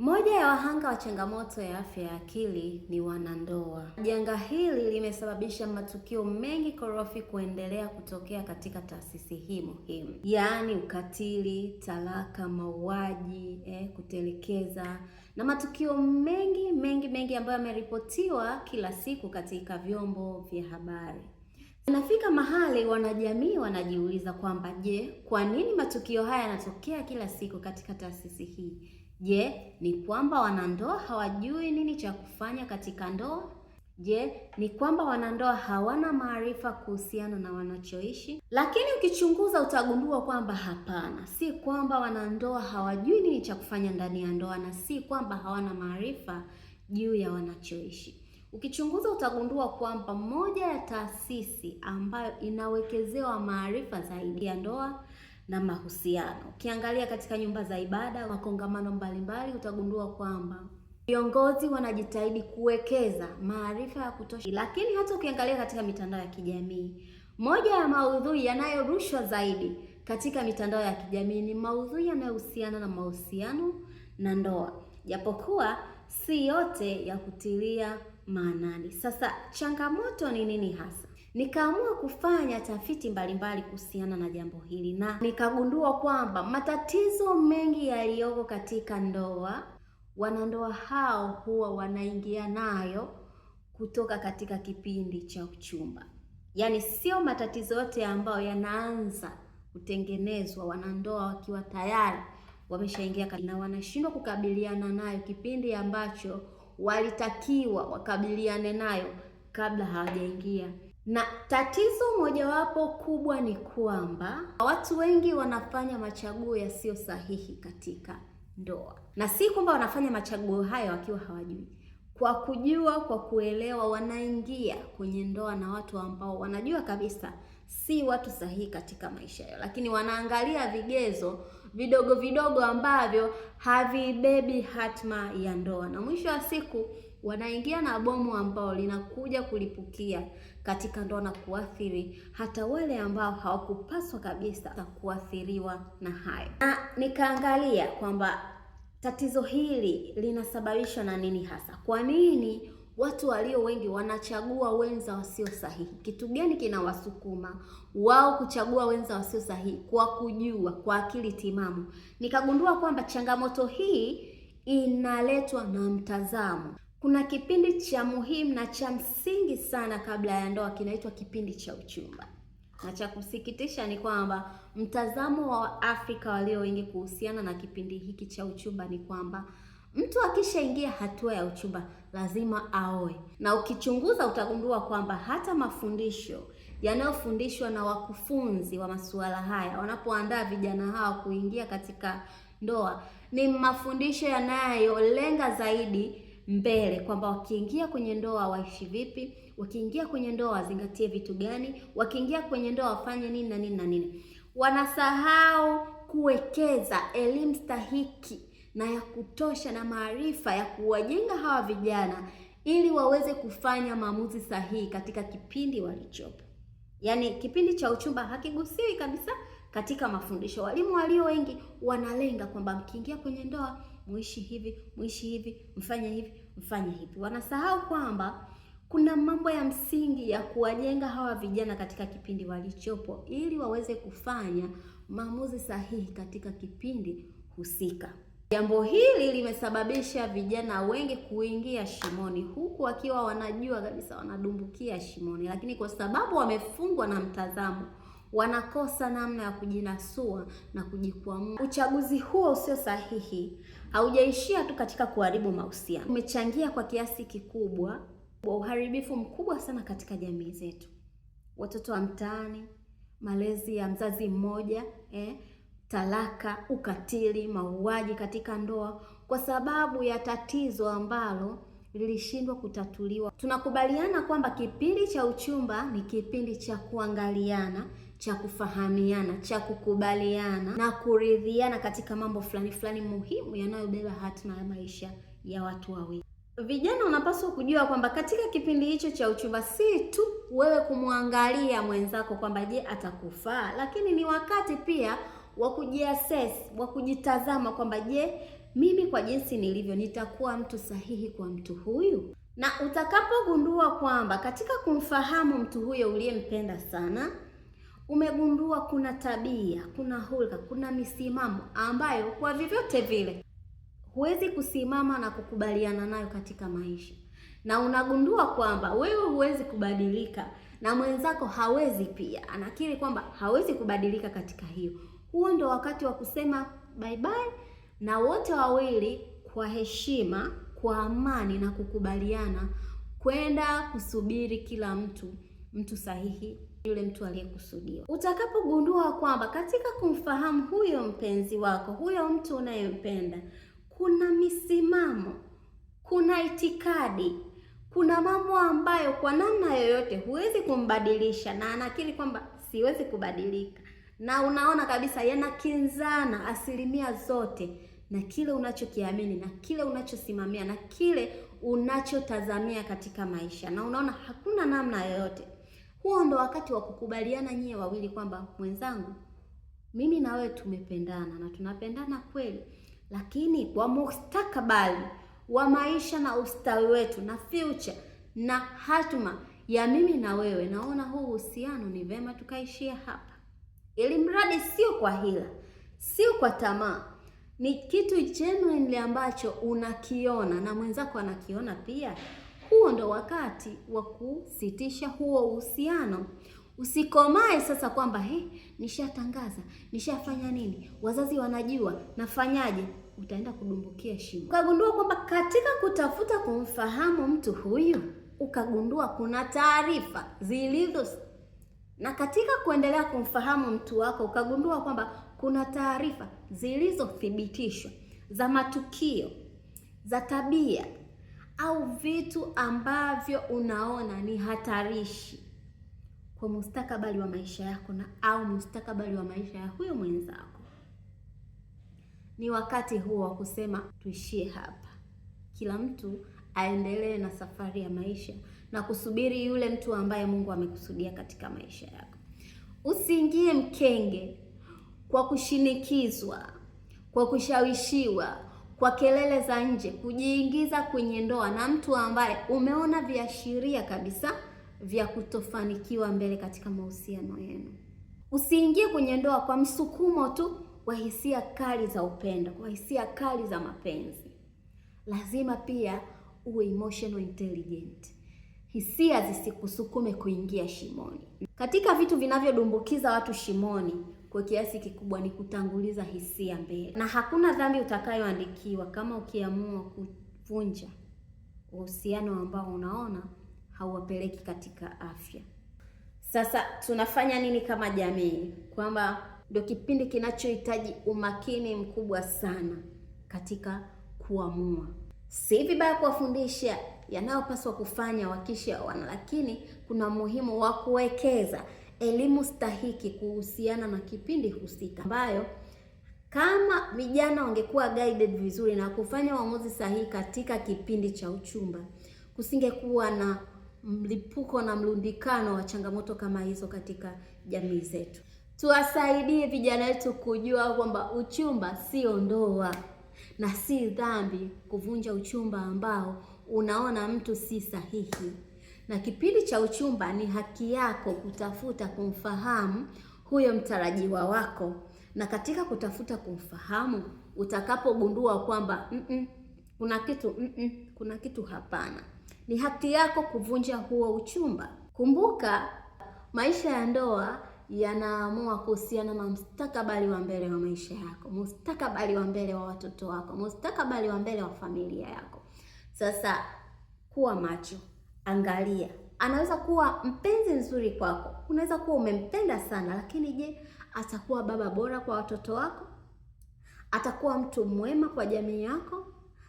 Moja ya wahanga wa changamoto ya afya ya akili ni wanandoa. Janga hili limesababisha matukio mengi korofi kuendelea kutokea katika taasisi hii muhimu, yaani ukatili, talaka, mauaji, eh, kutelekeza na matukio mengi mengi mengi ambayo yameripotiwa kila siku katika vyombo vya habari. Inafika mahali wanajamii wanajiuliza kwamba je, kwa nini matukio haya yanatokea kila siku katika taasisi hii? Je, ni kwamba wanandoa hawajui nini cha kufanya katika ndoa? Je, ni kwamba wanandoa hawana maarifa kuhusiana na wanachoishi? Lakini ukichunguza utagundua kwamba hapana, si kwamba wanandoa hawajui nini cha kufanya ndani ya ndoa na si kwamba hawana maarifa juu ya wanachoishi. Ukichunguza utagundua kwamba moja ya taasisi ambayo inawekezewa maarifa zaidi ya ndoa na mahusiano. Ukiangalia katika nyumba za ibada, makongamano mbalimbali, utagundua kwamba viongozi wanajitahidi kuwekeza maarifa ya kutosha. Lakini hata ukiangalia katika mitandao ya kijamii, moja ya maudhui yanayorushwa zaidi katika mitandao ya kijamii ni maudhui yanayohusiana na mahusiano na ndoa, japokuwa si yote ya kutilia maanani. Sasa changamoto ni nini hasa? Nikaamua kufanya tafiti mbalimbali kuhusiana na jambo hili na nikagundua kwamba matatizo mengi yaliyoko katika ndoa, wanandoa hao huwa wanaingia nayo kutoka katika kipindi cha uchumba. Yaani sio matatizo yote ambayo yanaanza kutengenezwa wanandoa wakiwa tayari wameshaingia na wanashindwa kukabiliana nayo kipindi ambacho walitakiwa wakabiliane nayo kabla hawajaingia na tatizo mojawapo kubwa ni kwamba watu wengi wanafanya machaguo yasiyo sahihi katika ndoa, na si kwamba wanafanya machaguo hayo wakiwa hawajui. Kwa kujua, kwa kuelewa, wanaingia kwenye ndoa na watu ambao wanajua kabisa si watu sahihi katika maisha yao, lakini wanaangalia vigezo vidogo vidogo ambavyo havibebi hatma ya ndoa, na mwisho wa siku wanaingia na bomu ambao linakuja kulipukia katika ndoa na kuathiri hata wale ambao hawakupaswa kabisa kuathiriwa na hayo. Na nikaangalia kwamba tatizo hili linasababishwa na nini hasa? Kwa nini watu walio wengi wanachagua wenza wasio sahihi? Kitu gani kinawasukuma wao kuchagua wenza wasio sahihi? Kwa kujua, kwa akili timamu, nikagundua kwamba changamoto hii inaletwa na mtazamo kuna kipindi cha muhimu na cha msingi sana kabla ya ndoa kinaitwa kipindi cha uchumba, na cha kusikitisha ni kwamba mtazamo wa Afrika walio wengi kuhusiana na kipindi hiki cha uchumba ni kwamba mtu akishaingia hatua ya uchumba lazima aoe, na ukichunguza utagundua kwamba hata mafundisho yanayofundishwa na wakufunzi wa masuala haya wanapoandaa vijana hawa kuingia katika ndoa ni mafundisho yanayolenga zaidi mbele kwamba wakiingia kwenye ndoa waishi vipi, wakiingia kwenye ndoa wazingatie vitu gani, wakiingia kwenye ndoa wafanye nini na nini na nini. Wanasahau kuwekeza elimu stahiki na ya kutosha na maarifa ya kuwajenga hawa vijana ili waweze kufanya maamuzi sahihi katika kipindi walichopo. Yaani kipindi cha uchumba hakigusiwi kabisa katika mafundisho. Walimu walio wengi wanalenga kwamba mkiingia kwenye ndoa muishi hivi, muishi hivi, mfanye hivi, mfanye hivi. Wanasahau kwamba kuna mambo ya msingi ya kuwajenga hawa vijana katika kipindi walichopo, ili waweze kufanya maamuzi sahihi katika kipindi husika. Jambo hili limesababisha vijana wengi kuingia shimoni, huku wakiwa wanajua kabisa wanadumbukia shimoni, lakini kwa sababu wamefungwa na mtazamo wanakosa namna ya kujinasua na kujikwamua. Uchaguzi huo usio sahihi haujaishia tu katika kuharibu mahusiano, umechangia kwa kiasi kikubwa wa uharibifu mkubwa sana katika jamii zetu. Watoto wa mtaani, malezi ya mzazi mmoja eh, talaka, ukatili, mauaji katika ndoa, kwa sababu ya tatizo ambalo lilishindwa kutatuliwa. Tunakubaliana kwamba kipindi cha uchumba ni kipindi cha kuangaliana cha kufahamiana, cha kukubaliana na kuridhiana katika mambo fulani fulani muhimu yanayobeba hatima ya maisha ya watu wawili. Vijana unapaswa kujua kwamba katika kipindi hicho cha uchumba si tu wewe kumwangalia mwenzako kwamba je, atakufaa, lakini ni wakati pia wa kujiassess, wa kujitazama kwamba je, mimi kwa jinsi nilivyo nitakuwa mtu sahihi kwa mtu huyu? Na utakapogundua kwamba katika kumfahamu mtu huyo uliyempenda sana umegundua kuna tabia, kuna hulka, kuna misimamo ambayo kwa vyovyote vile huwezi kusimama na kukubaliana nayo katika maisha, na unagundua kwamba wewe huwezi kubadilika na mwenzako hawezi pia, anakiri kwamba hawezi kubadilika katika hiyo, huo ndo wakati wa kusema bye bye, na wote wawili kwa heshima, kwa amani na kukubaliana kwenda kusubiri kila mtu mtu sahihi yule mtu aliyekusudiwa. Utakapogundua kwamba katika kumfahamu huyo mpenzi wako, huyo mtu unayempenda, kuna misimamo, kuna itikadi, kuna mambo ambayo kwa namna yoyote huwezi kumbadilisha, na anakiri kwamba siwezi kubadilika, na unaona kabisa yanakinzana asilimia zote na kile unachokiamini na kile unachosimamia na kile unachotazamia katika maisha, na unaona hakuna namna yoyote huo ndo wakati wa kukubaliana nyie wawili kwamba mwenzangu, mimi na wewe tumependana na tunapendana kweli, lakini kwa mustakabali wa maisha na ustawi wetu na future na hatma ya mimi na wewe, naona huu uhusiano ni vema tukaishia hapa, ili mradi sio kwa hila, sio kwa tamaa, ni kitu genuinely ambacho unakiona na mwenzako anakiona pia huo ndo wakati wa kusitisha huo uhusiano. Usikomae sasa kwamba he, eh, nishatangaza nishafanya nini, wazazi wanajua, nafanyaje? Utaenda kudumbukia shimo. Ukagundua kwamba katika kutafuta kumfahamu mtu huyu, ukagundua kuna taarifa zilizo, na katika kuendelea kumfahamu mtu wako, ukagundua kwamba kuna taarifa zilizothibitishwa za matukio, za tabia au vitu ambavyo unaona ni hatarishi kwa mustakabali wa maisha yako na au mustakabali wa maisha ya huyo mwenzako, ni wakati huo wa kusema tuishie hapa, kila mtu aendelee na safari ya maisha na kusubiri yule mtu ambaye Mungu amekusudia katika maisha yako. Usiingie mkenge kwa kushinikizwa, kwa kushawishiwa kwa kelele za nje, kujiingiza kwenye ndoa na mtu ambaye umeona viashiria kabisa vya kutofanikiwa mbele katika mahusiano yenu. Usiingie kwenye ndoa kwa msukumo tu wa hisia kali za upendo, kwa hisia kali za mapenzi. Lazima pia uwe emotional intelligent. Hisia zisikusukume kuingia shimoni. Katika vitu vinavyodumbukiza watu shimoni kwa kiasi kikubwa ni kutanguliza hisia mbele, na hakuna dhambi utakayoandikiwa kama ukiamua kuvunja uhusiano ambao unaona hauwapeleki katika afya. Sasa tunafanya nini kama jamii? Kwamba ndio kipindi kinachohitaji umakini mkubwa sana katika kuamua. Si vibaya kuwafundisha yanayopaswa kufanya wakisha wana lakini kuna umuhimu wa kuwekeza elimu stahiki kuhusiana na kipindi husika, ambayo kama vijana wangekuwa guided vizuri na kufanya uamuzi sahihi katika kipindi cha uchumba, kusingekuwa na mlipuko na mlundikano wa changamoto kama hizo katika jamii zetu. Tuwasaidie vijana wetu kujua kwamba uchumba sio ndoa na si dhambi kuvunja uchumba ambao unaona mtu si sahihi na kipindi cha uchumba ni haki yako kutafuta kumfahamu huyo mtarajiwa wako, na katika kutafuta kumfahamu utakapogundua kwamba mm -mm, kuna kitu mm -mm, kuna kitu hapana, ni haki yako kuvunja huo uchumba. Kumbuka maisha ya ndoa yanaamua kuhusiana na mustakabali wa mbele wa maisha yako, mustakabali wa mbele wa watoto wako, mustakabali wa mbele wa familia yako. Sasa kuwa macho angalia, anaweza kuwa mpenzi mzuri kwako, unaweza kuwa umempenda sana, lakini je, atakuwa baba bora kwa watoto wako? Atakuwa mtu mwema kwa jamii yako?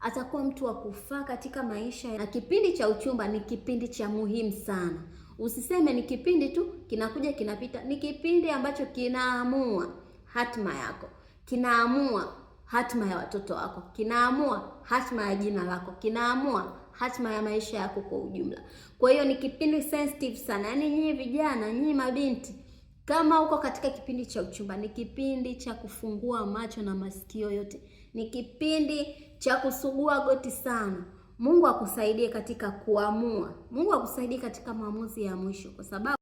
Atakuwa mtu wa kufaa katika maisha? Na kipindi cha uchumba ni kipindi cha muhimu sana. Usiseme ni kipindi tu kinakuja kinapita. Ni kipindi ambacho kinaamua hatima yako, kinaamua hatima ya watoto wako, kinaamua hatima ya jina lako, kinaamua hatima ya maisha yako kwa ujumla. Kwa hiyo ni kipindi sensitive sana, yaani nyinyi vijana, nyinyi mabinti kama uko katika kipindi cha uchumba, ni kipindi cha kufungua macho na masikio yote, ni kipindi cha kusugua goti sana. Mungu akusaidie katika kuamua, Mungu akusaidie katika maamuzi ya mwisho, kwa sababu